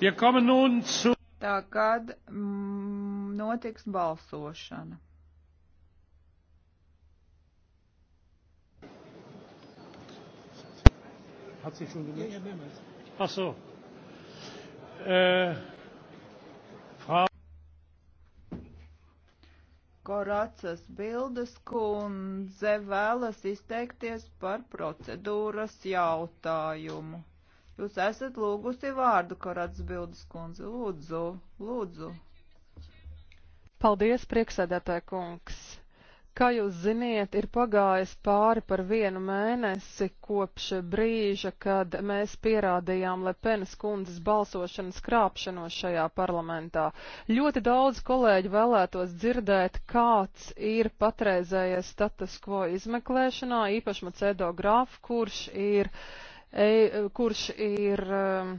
Tā kad mm, notiks balsošana. Hat sie schon gelöst? Ja, ja, mehrmals. Ach so. Äh, Frau Koracas Bildes kundze vēlas izteikties par procedūras jautājumu. Jūs esat lūgusi vārdu, Korats Bildes kundze. Lūdzu, lūdzu. Paldies, prieksēdētāja kungs. Kā jūs ziniet, ir pagājis pāri par vienu mēnesi kopš brīža, kad mēs pierādījām Lepenas kundzes balsošanas krāpšanos šajā parlamentā. Ļoti daudz kolēģi vēlētos dzirdēt, kāds ir patreizējais status quo izmeklēšanā, īpaši Macedo Graf, kurš ir uh, E, kurš ir um,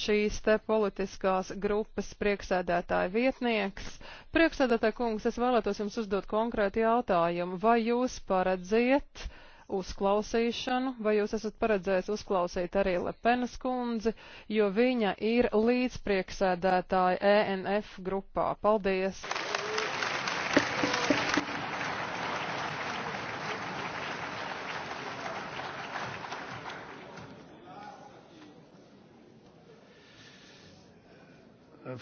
šīs te politiskās grupas prieksēdētāja vietnieks. Prieksēdētāja kungs, es vēlētos jums uzdot konkrētu jautājumu. Vai jūs paredziet uzklausīšanu, vai jūs esat paredzējis uzklausīt arī Lepenas kundzi, jo viņa ir līdzprieksēdētāja ENF grupā? Paldies!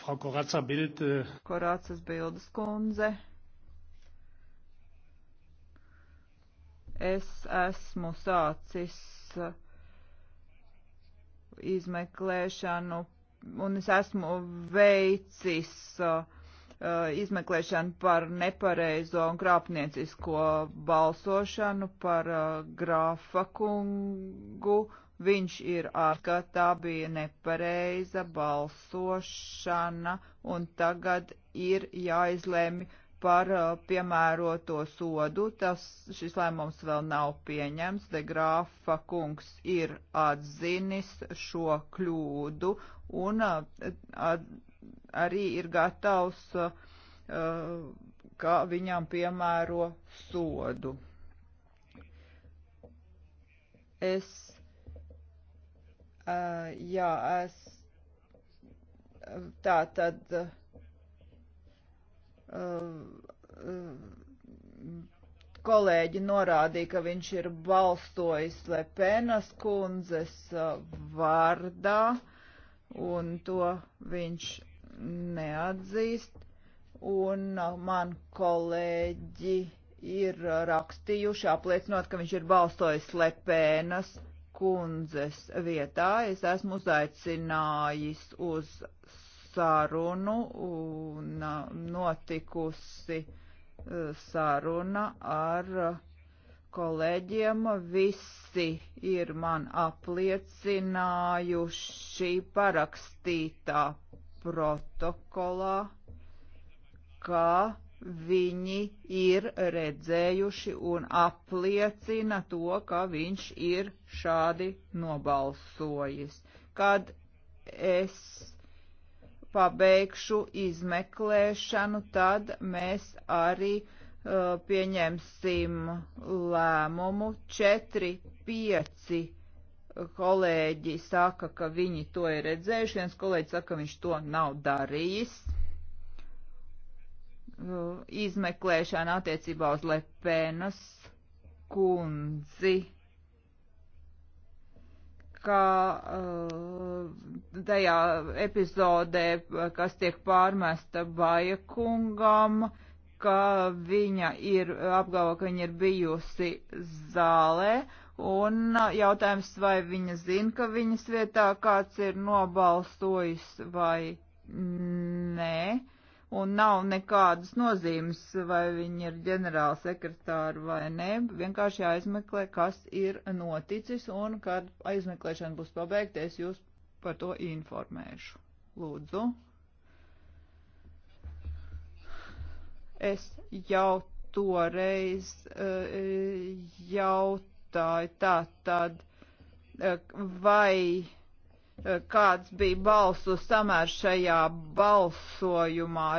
Frau Koratza Bild. Koratzas äh, Bildes kundze. Es esmu sācis äh, izmeklēšanu un es esmu veicis uh, izmeklēšanu par nepareizo un krāpniecisko balsošanu par uh, grāfa kungu Viņš ir atkārt, tā bija nepareiza balsošana, un tagad ir jāizlēmi par uh, piemēroto sodu. Tas, šis lēmums vēl nav pieņems. De Grāfa kungs ir atzinis šo kļūdu un uh, at, arī ir gatavs, uh, ka viņam piemēro sodu. Es Uh, jā, es tā tad uh, uh, kolēģi norādīja, ka viņš ir balstojis Lepenas kundzes vārdā, un to viņš neatzīst, un man kolēģi ir rakstījuši apliecinot, ka viņš ir balstojis Lepenas kundzes kundzes vietā es esmu uzaicinājis uz sarunu un notikusi saruna ar kolēģiem. Visi ir man apliecinājuši parakstītā protokolā, ka viņi ir redzējuši un apliecina to, ka viņš ir šādi nobalsojis. Kad es pabeigšu izmeklēšanu, tad mēs arī uh, pieņemsim lēmumu. Četri, pieci kolēģi saka, ka viņi to ir redzējuši, viens kolēģis saka, ka viņš to nav darījis Nu, izmeklēšana attiecībā uz Lepenas kundzi, kā uh, tajā epizodē, kas tiek pārmesta Baja kungam, ka viņa ir apgalvo, ka viņa ir bijusi zālē, un jautājums, vai viņa zina, ka viņas vietā kāds ir nobalsojis vai nē un nav nekādas nozīmes, vai viņi ir ģenerāla sekretāri vai nē. Vienkārši jāizmeklē, kas ir noticis, un kad aizmeklēšana būs pabeigta, es jūs par to informēšu. Lūdzu. Es jau toreiz uh, jautāju tā tad, uh, eh, vai Eh, kāds bija balsu samērs šajā balsojumā,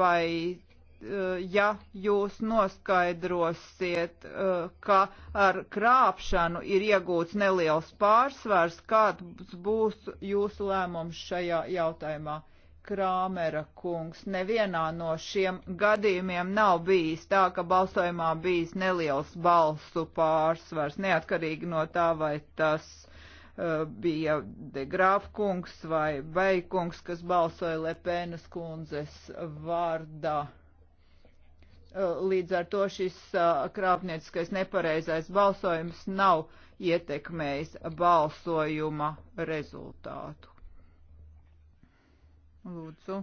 vai eh, ja jūs noskaidrosiet, eh, ka ar krāpšanu ir iegūts neliels pārsvars, kāds būs jūsu lēmums šajā jautājumā? Krāmera kungs, nevienā no šiem gadījumiem nav bijis tā, ka balsojumā bijis neliels balsu pārsvars, neatkarīgi no tā, vai tas Eh, bija de Grāfkungs vai Beikungs, kas balsoja Lepēnas kundzes vārdā. Eh, līdz ar to šis eh, krāpnieciskais nepareizais balsojums nav ietekmējis balsojuma rezultātu. Lūdzu,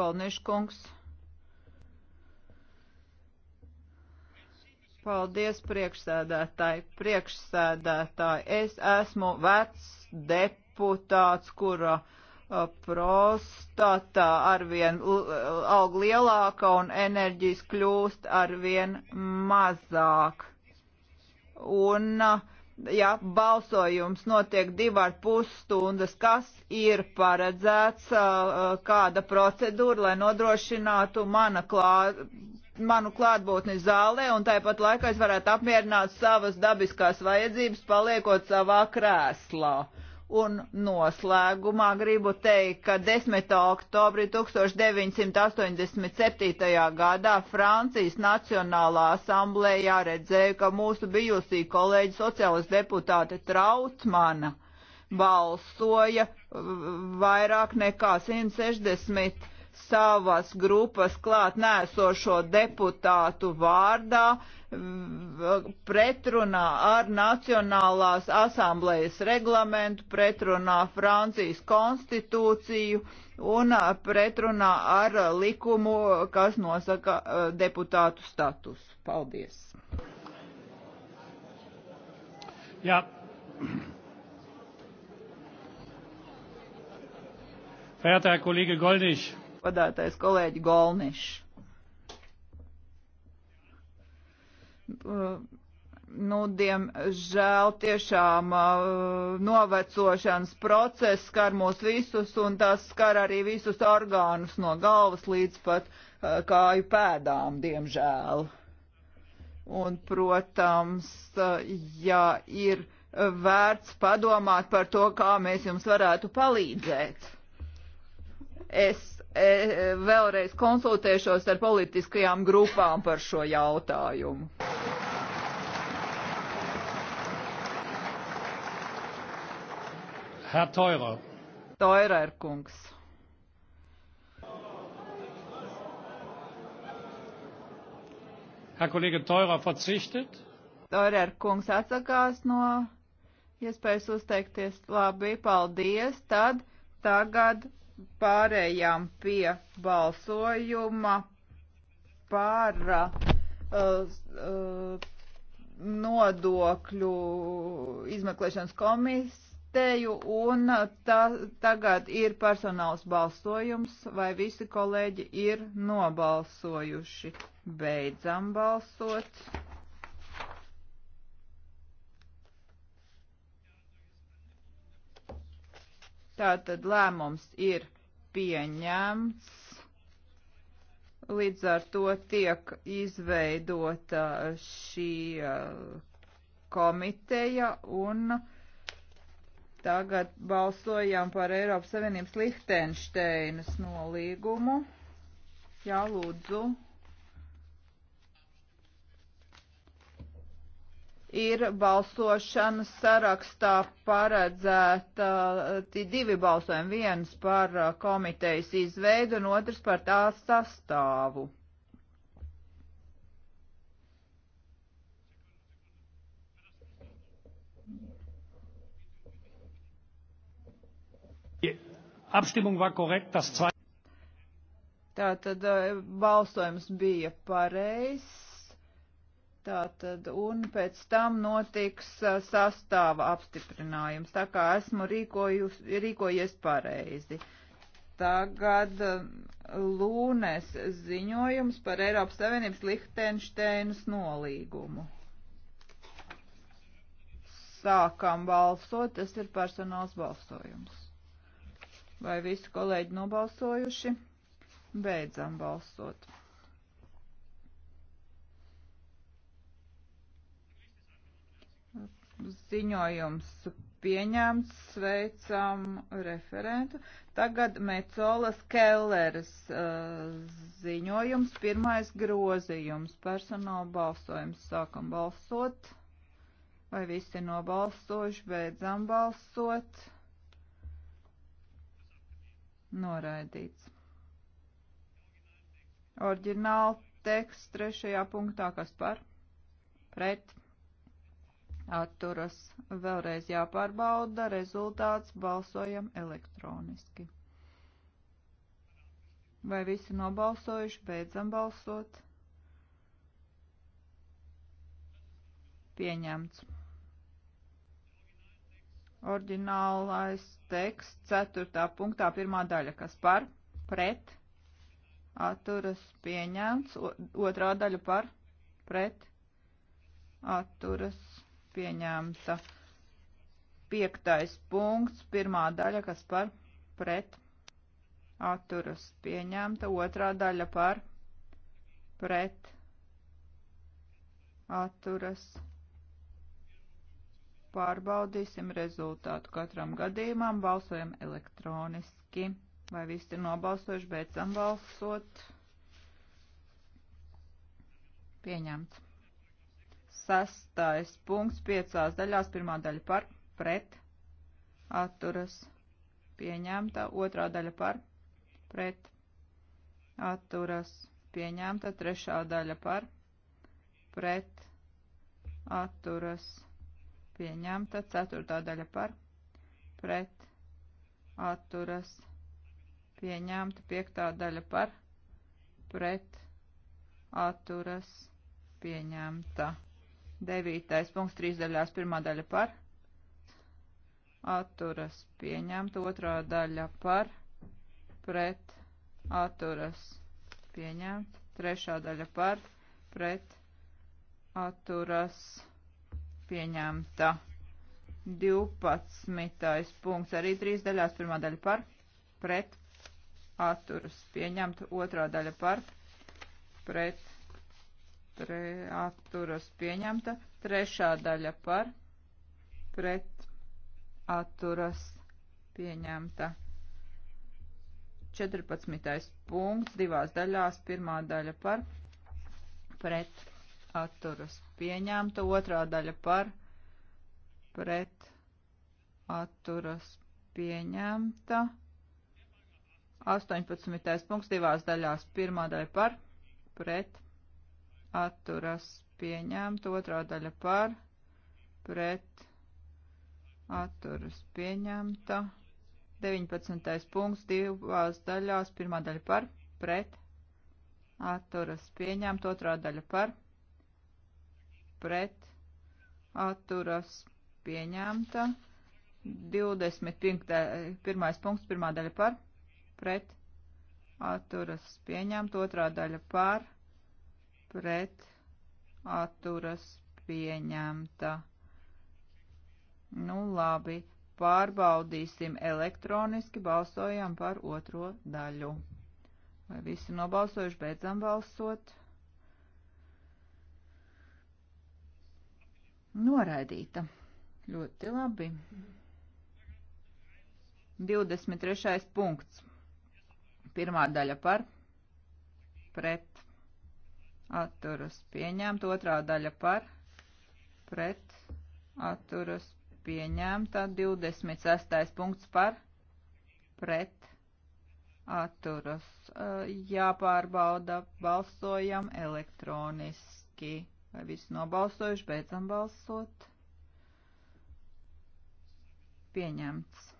Galniškungs. kungs. Paldies, priekšsēdētāji. Priekšsēdētāji, es esmu vecs deputāts, kura prostata arvien aug lielāka un enerģijas kļūst arvien mazāk. Un, ja balsojums notiek divu ar pus stundas, kas ir paredzēts, kāda procedūra, lai nodrošinātu mana klā, manu klātbūtni zālē, un tāpat laikā es varētu apmierināt savas dabiskās vajadzības, paliekot savā krēslā. Un noslēgumā gribu teikt, ka 10. oktobrī 1987. gadā Francijas Nacionālā asamblējā redzēju, ka mūsu bijusī kolēģi sociālistu deputāte Trautmana balsoja vairāk nekā 160 savas grupas klāt nēsošo deputātu vārdā pretrunā ar Nacionālās asamblējas reglamentu, pretrunā Francijas konstitūciju un pretrunā ar likumu, kas nosaka e, deputātu status. Paldies! Jā. Verehrter Herr Kollege Gollnisch, godātais kolēģi Golnišs. Nu, diemžēl tiešām uh, novecošanas process skar mūs visus, un tas skar arī visus orgānus no galvas līdz pat uh, kāju pēdām, diemžēl. Un, protams, uh, ja ir vērts padomāt par to, kā mēs jums varētu palīdzēt. Es E, vēlreiz konsultēšos ar politiskajām grupām par šo jautājumu. Herr Teurer. Teurer kungs. Herr Kollege Teurer verzichtet. Teurer kungs atsakās no iespējas uzteikties. Labi, paldies. Tad tagad pārējām pie balsojuma par uh, uh, nodokļu izmeklēšanas komisteju, un ta, tagad ir personāls balsojums, vai visi kolēģi ir nobalsojuši. Beidzam balsot. Tātad lēmums ir pieņemts. Līdz ar to tiek izveidota šī uh, komiteja un tagad balsojām par Eiropas Savienības Lihtenšteinas nolīgumu. Jā, lūdzu. ir balsošanas sarakstā paredzēta eh, divi balsojumi, viens par eh, komitejas izveidu un otrs par tās sastāvu. Abstimmung war korrekt, das zweite. Tātad eh, balsojums bija pareizs. Tātad, un pēc tam notiks sastāva apstiprinājums, tā kā esmu rīkojus, rīkojies pareizi. Tagad Lūnes ziņojums par Eiropas Savienības Lihtenšteinas nolīgumu. Sākam balsot, tas ir personāls balsojums. Vai visi kolēģi nobalsojuši? Beidzam balsot. ziņojums pieņemts, sveicam referentu. Tagad Mecolas Kelleres uh, ziņojums, pirmais grozījums, personāla balsojums. Sākam balsot, vai visi nobalsojuši, beidzam balsot. Noraidīts. Orģināla teksts trešajā punktā, kas par? Pret atturas. Vēlreiz jāpārbauda rezultāts, balsojam elektroniski. Vai visi nobalsojuši, beidzam balsot? Pieņemts. Orģinālais teksts, ceturtā punktā, pirmā daļa, kas par, pret, atturas pieņemts, otrā daļa par, pret, atturas pieņemta. Piektais punkts, pirmā daļa, kas par pret atturas pieņemta, otrā daļa par pret atturas. Pārbaudīsim rezultātu katram gadījumam, balsojam elektroniski. Vai visi ir nobalsojuši, beidzam balsot? Pieņemts. Sastais punkts piecās daļās. Pirmā daļa par pret atturas pieņemta. Otrā daļa par pret atturas pieņemta. Trešā daļa par pret atturas pieņemta. Ceturtā daļa par pret atturas pieņemta. Piektā daļa par pret atturas pieņemta. Devītais punkts trīs daļās pirmā daļa par. Atturas pieņemta. Otrā daļa par. Pret. Atturas pieņemta. Trešā daļa par. Pret. Atturas pieņemta. 12. punkts arī trīs daļās pirmā daļa par. Pret. Atturas pieņemta. Otrā daļa par. Pret tre, atturas pieņemta, trešā daļa par, pret, atturas pieņemta. 14. punkts divās daļās, pirmā daļa par, pret, atturas pieņemta, otrā daļa par, pret, atturas pieņemta. 18. punkts divās daļās, pirmā daļa par, pret, atturas pieņemta, otrā daļa par, pret, atturas pieņemta, 19. punkts divās daļās, pirmā daļa par, pret, atturas pieņemta, otrā daļa par, pret, atturas pieņemta, 21. punkts, pirmā daļa par, pret, atturas pieņemta, otrā daļa par, pret atturas pieņemta. Nu labi, pārbaudīsim elektroniski, balsojam par otro daļu. Vai visi nobalsojuši, beidzam balsot? Noraidīta. Ļoti labi. 23. punkts. Pirmā daļa par pret atturas pieņemt, otrā daļa par, pret, atturas pieņemta, 26. punkts par, pret, atturas. Eh, jāpārbauda, balsojam elektroniski. Vai viss nobalsojuši, beidzam balsot? Pieņemts.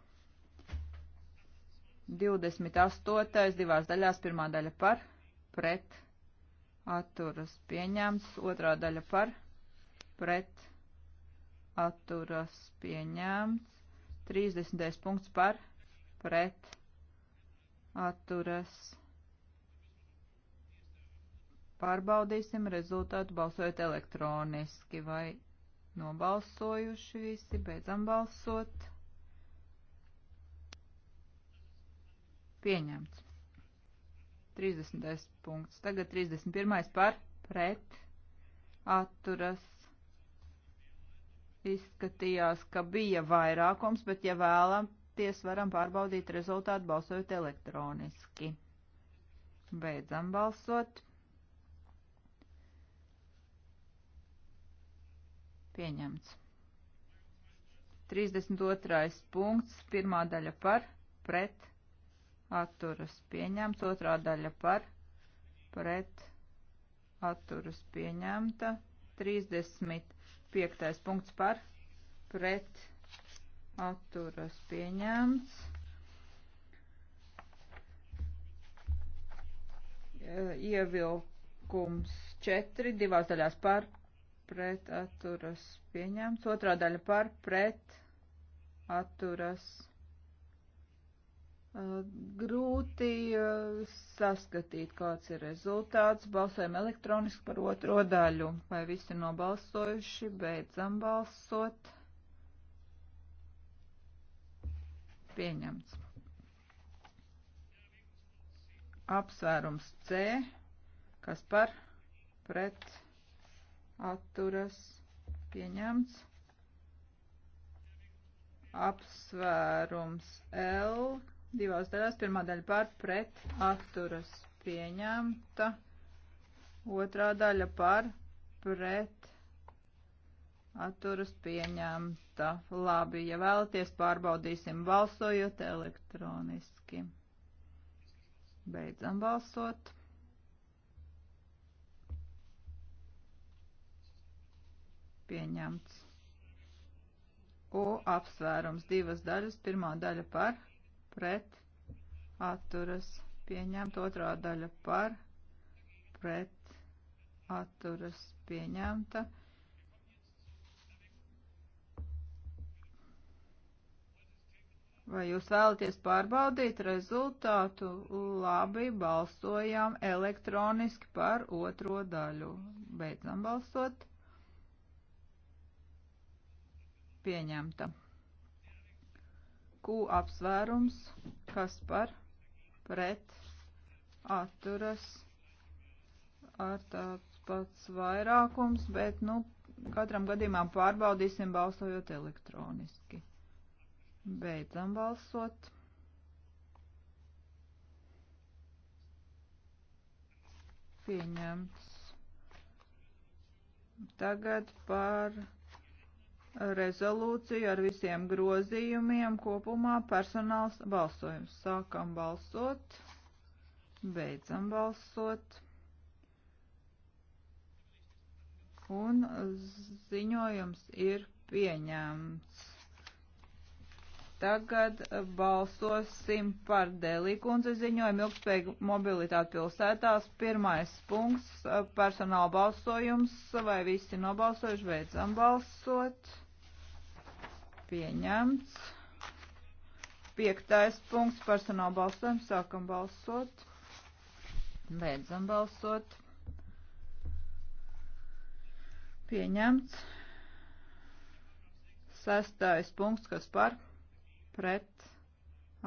28. divās daļās, pirmā daļa par, pret, atturas pieņemts, otrā daļa par, pret, atturas pieņemts, 30. punkts par, pret, atturas. Pārbaudīsim rezultātu balsojot elektroniski, vai nobalsojuši visi, beidzam balsot. Pieņemts. 30. punkts. Tagad 31. par pret atturas. Izskatījās, ka bija vairākums, bet ja vēlaties, varam pārbaudīt rezultātu balsojot elektroniski. Beidzam balsot. Pieņemts. 32. punkts, pirmā daļa par, pret, atturas pieņemts, otrā daļa par pret atturas pieņemta, 35. punkts par pret atturas pieņemts. Ievilkums 4, divās daļās par pret atturas pieņemts, otrā daļa par pret atturas pieņemts Grūti eh, saskatīt, kāds ir rezultāts. Balsojam elektroniski par otro daļu. Vai visi nobalsojuši? Beidzam balsot. Pieņemts. Apsvērums C. Kas par? Pret. Atturas. Pieņemts apsvērums L, divās daļās. Pirmā daļa par pret atturas pieņemta. Otrā daļa par pret atturas pieņemta. Labi, ja vēlaties pārbaudīsim balsojot elektroniski. Beidzam balsot. Pieņemts. U apsvērums divas daļas. Pirmā daļa par pret pret atturas pieņemt, otrā daļa par pret atturas pieņemta. Vai jūs vēlaties pārbaudīt rezultātu? Labi, balsojām elektroniski par otro daļu. Beidzam balsot. Pieņemta. Q apsvērums, kas par pret atturas ar tāds pats vairākums, bet, nu, katram gadījumā pārbaudīsim balsojot elektroniski. Beidzam balsot. Pieņemts. Tagad par rezolūciju ar visiem grozījumiem kopumā personāls balsojums. Sākam balsot, beidzam balsot. Un ziņojums ir pieņemts. Tagad balsosim par Dēlīkundze ziņojumu ilgspējīgu mobilitāti pilsētās. Pirmais punkts - personāla balsojums. Vai visi nobalsojuši? Beidzam balsot pieņemts. Piektais punkts personāla balsojums. Sākam balsot. Beidzam balsot. Pieņemts. Sestais punkts, kas par pret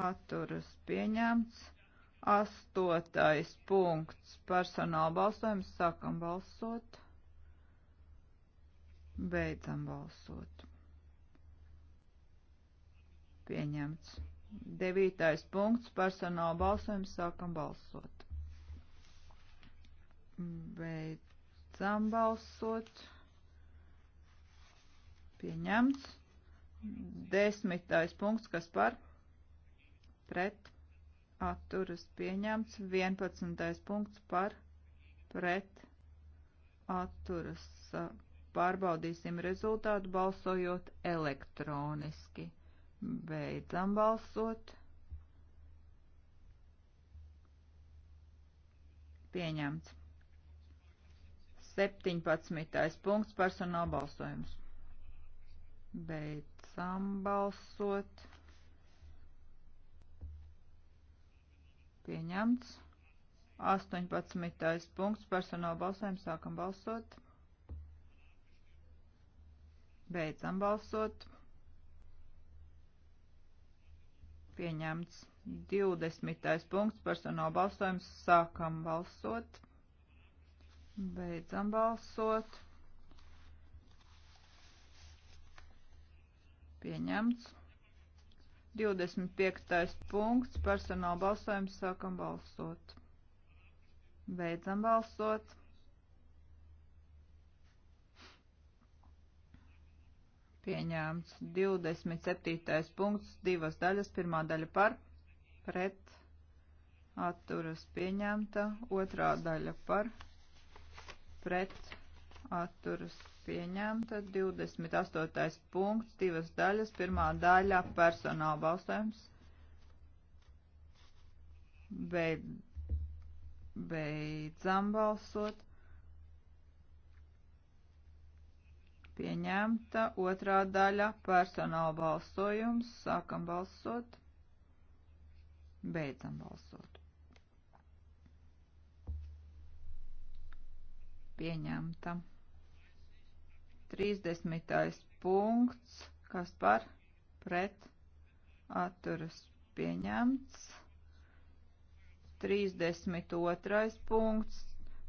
atturas pieņemts. Astotais punkts personāla balsojums. Sākam balsot. Beidzam balsot. Pieņemts. Devītais punkts personāla balsojums sākam balsot. Beidzam balsot. Pieņemts. Desmitais punkts, kas par pret atturas pieņemts. Vienpadsmitais punkts par pret atturas. Pārbaudīsim rezultātu balsojot elektroniski. Beidzam balsot. Pieņemts. 17. punkts personāla balsojums. Beidzam balsot. Pieņemts. 18. punkts personāla balsojums. Sākam balsot. Beidzam balsot. pieņemts. 20. punkts personāla balsojums. Sākam balsot. Beidzam balsot. Pieņemts. 25. punkts personāla balsojums. Sākam balsot. Beidzam balsot. pieņēmts. 27. punkts, divas daļas, pirmā daļa par, pret, atturas pieņemta, otrā daļa par, pret, atturas pieņemta, 28. punkts, divas daļas, pirmā daļa personāla balsojums, beid, beidzam balsot, pieņemta. Otrā daļa personāla balsojums. Sākam balsot. Beidzam balsot. Pieņemta. 30. punkts. Kas par? Pret. Atturas pieņemts. 32. punkts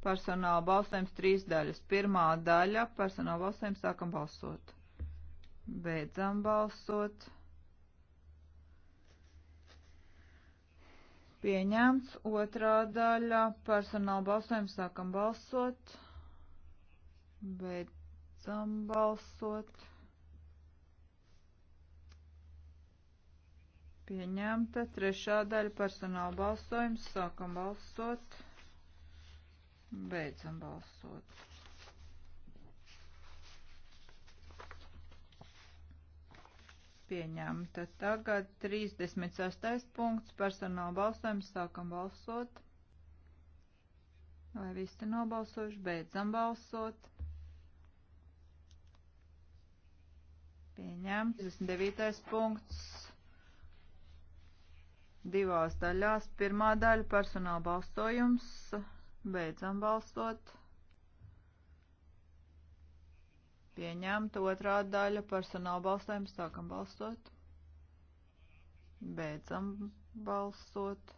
Personāla balsojums trīs daļas. Pirmā daļa - personāla balsojums sākam balsot. Beidzam balsot. Pieņemts otrā daļa - personāla balsojums sākam balsot. Beidzam balsot. Pieņemta trešā daļa - personāla balsojums sākam balsot. Beidzam balsot. Pieņemta. Tagad 36. punkts personāla balsojums. Sākam balsot. Vai visi nobalsojuši? Beidzam balsot. Pieņemts. 29. punkts divās daļās. Pirmā daļa personāla balsojums. Beidzam balsot. Pieņemta otrā daļa personāla balsojuma. Sākam balsot. Beidzam balsot.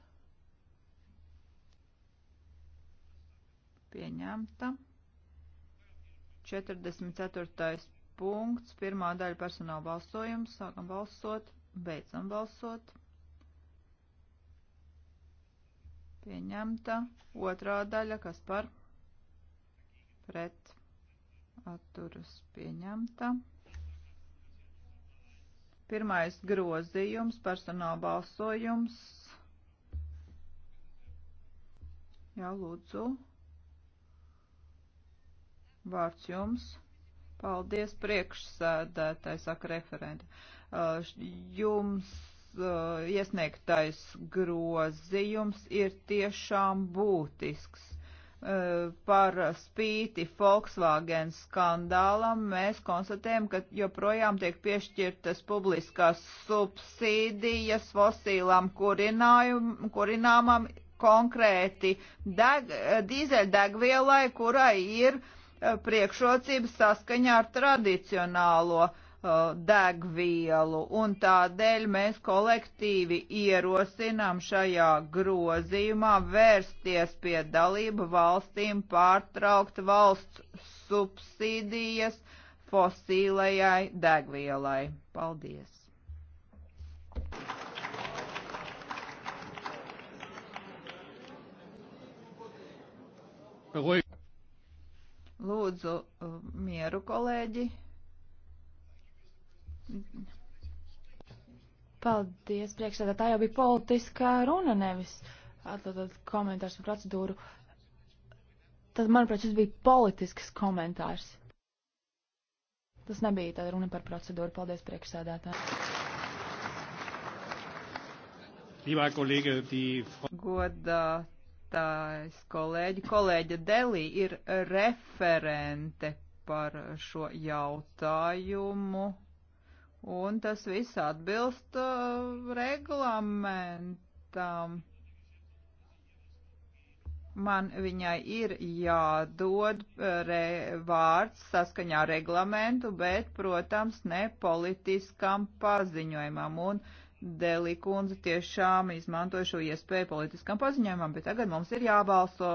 Pieņemta. 44. punkts. Pirmā daļa personāla balsojums. Sākam balsot. Beidzam balsot. pieņemta. Otrā daļa, kas par pret atturas pieņemta. Pirmais grozījums, personāla balsojums. Jā, lūdzu. Vārds jums. Paldies priekšsēdētāji, saka referenti. Jums uh, iesniegtais grozījums ir tiešām būtisks. Uh, par spīti Volkswagen skandālam mēs konstatējam, ka joprojām tiek piešķirtas publiskās subsīdijas fosilām kurināmam konkrēti deg, dīzeļdegvielai, kurai ir eh, priekšrocības saskaņā ar tradicionālo uh, Uh, degvielu, un tādēļ mēs kolektīvi ierosinām šajā grozījumā vērsties pie dalību valstīm pārtraukt valsts subsīdijas fosīlajai degvielai. Paldies! Lūdzu, uh, mieru kolēģi. Paldies, priekšsēdā. Tā jau bija politiskā runa, nevis atlatot komentārs par procedūru. Tad, manuprāt, šis bija politisks komentārs. Tas nebija tāda runa par procedūru. Paldies, priekšsēdētā. Godātājs kolēģi, kolēģa Delī ir referente par šo jautājumu. Un tas viss atbilst uh, reglamentam. Man viņai ir jādod uh, re, vārds saskaņā reglamentu, bet, protams, ne politiskam paziņojumam. Un Delikundze tiešām izmantoja šo iespēju politiskam paziņojumam, bet tagad mums ir jābalso.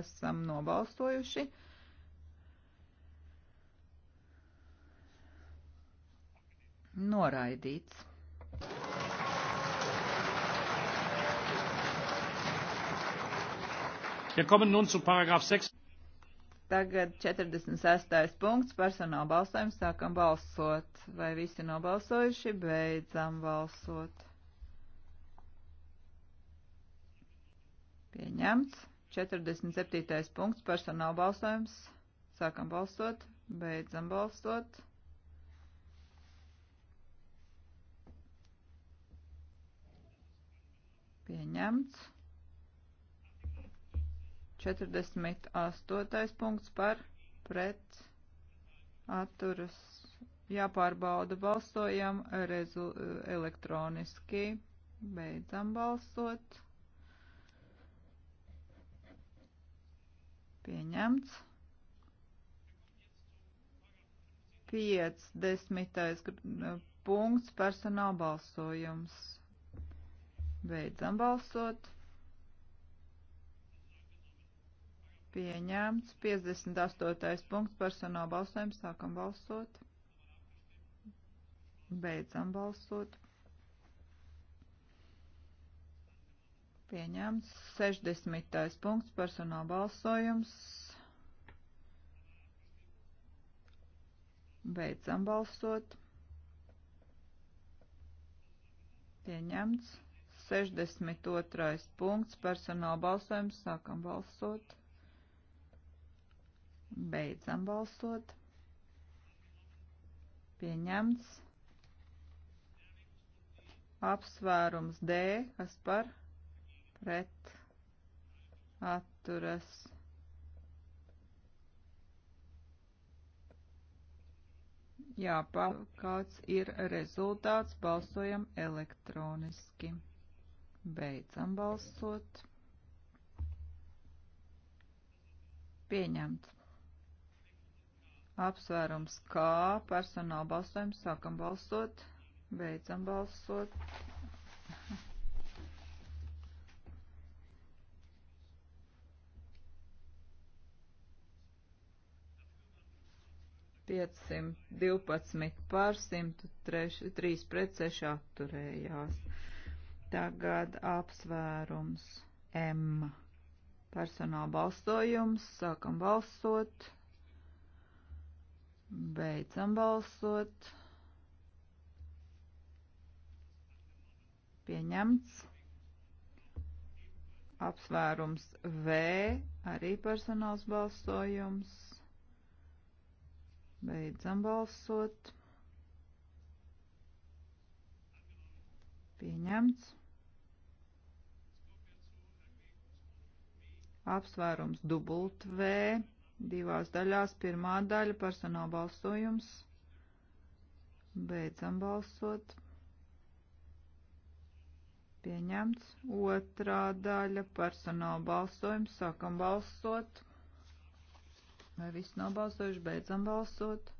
Esam nobalstojuši. Noraidīts. Wir kommen nun zu Paragraph 6. Tagad 46. punkts personāla balsojums. Sākam balsot. Vai visi nobalsojuši? Beidzam balsot. Pieņemts. 47. punkts personāla balsojums. Sākam balsot. Beidzam balsot. Pieņemts. 48. punkts par pret atturas. Jāpārbauda balsojam rezu, elektroniski. Beidzam balsot. Pieņemts. 50. Uh, punkts personāla balsojums. Beidzam balsot. Pieņemts. 58. punkts personāla balsojums. Sākam balsot. Beidzam balsot. Pieņemts. 60. punkts personāla balsojums. Beidzam balsot. Pieņemts. 62. punkts personāla balsojums. Sākam balsot. Beidzam balsot. Pieņemts. Apsvērums D, kas par pret atturas. Jāpakaut ir rezultāts, balsojam elektroniski. Beidzam balsot. Pieņemts. Apsvērums kā personāla balsojums. Sākam balsot. Beidzam balsot. Piecsimt divpadsmit pār simt trīs pret seši atturējās. Tagad apsvērums M. Personāla balsojums. Sākam balsot. Beidzam balsot. Pieņemts. Apsvērums V. Arī personāls balsojums. Beidzam balsot. Pieņemts. Apsvērums dubult V divās daļās. Pirmā daļa personāla balsojums. Beidzam balsot. Pieņemts. Otrā daļa personāla balsojums. Sākam balsot. Vai viss nobalsojuši? Beidzam balsot.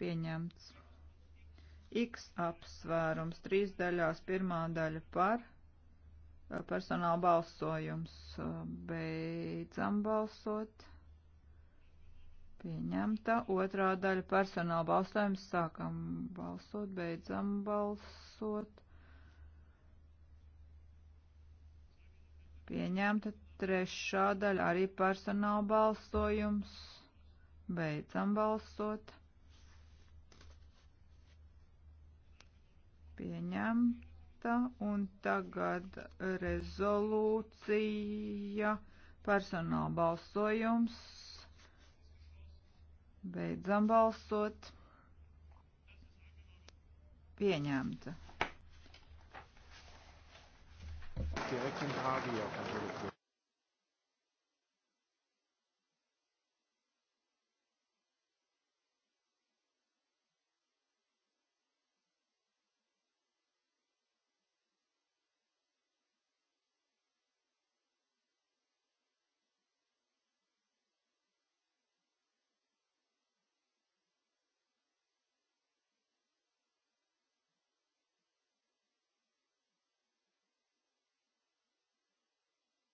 pieņemts. X apsvērums trīs daļās, pirmā daļa par eh, personāla balsojums. Eh, beidzam balsot. Pieņemta. Otrā daļa personāla balsojums. Sākam balsot, beidzam balsot. Pieņemta. Trešā daļa arī personāla balsojums. Beidzam balsot. pieņemta un tagad rezolūcija personāla balsojums. Beidzam balsot. Pieņemta. Direkt in Hagi auf dem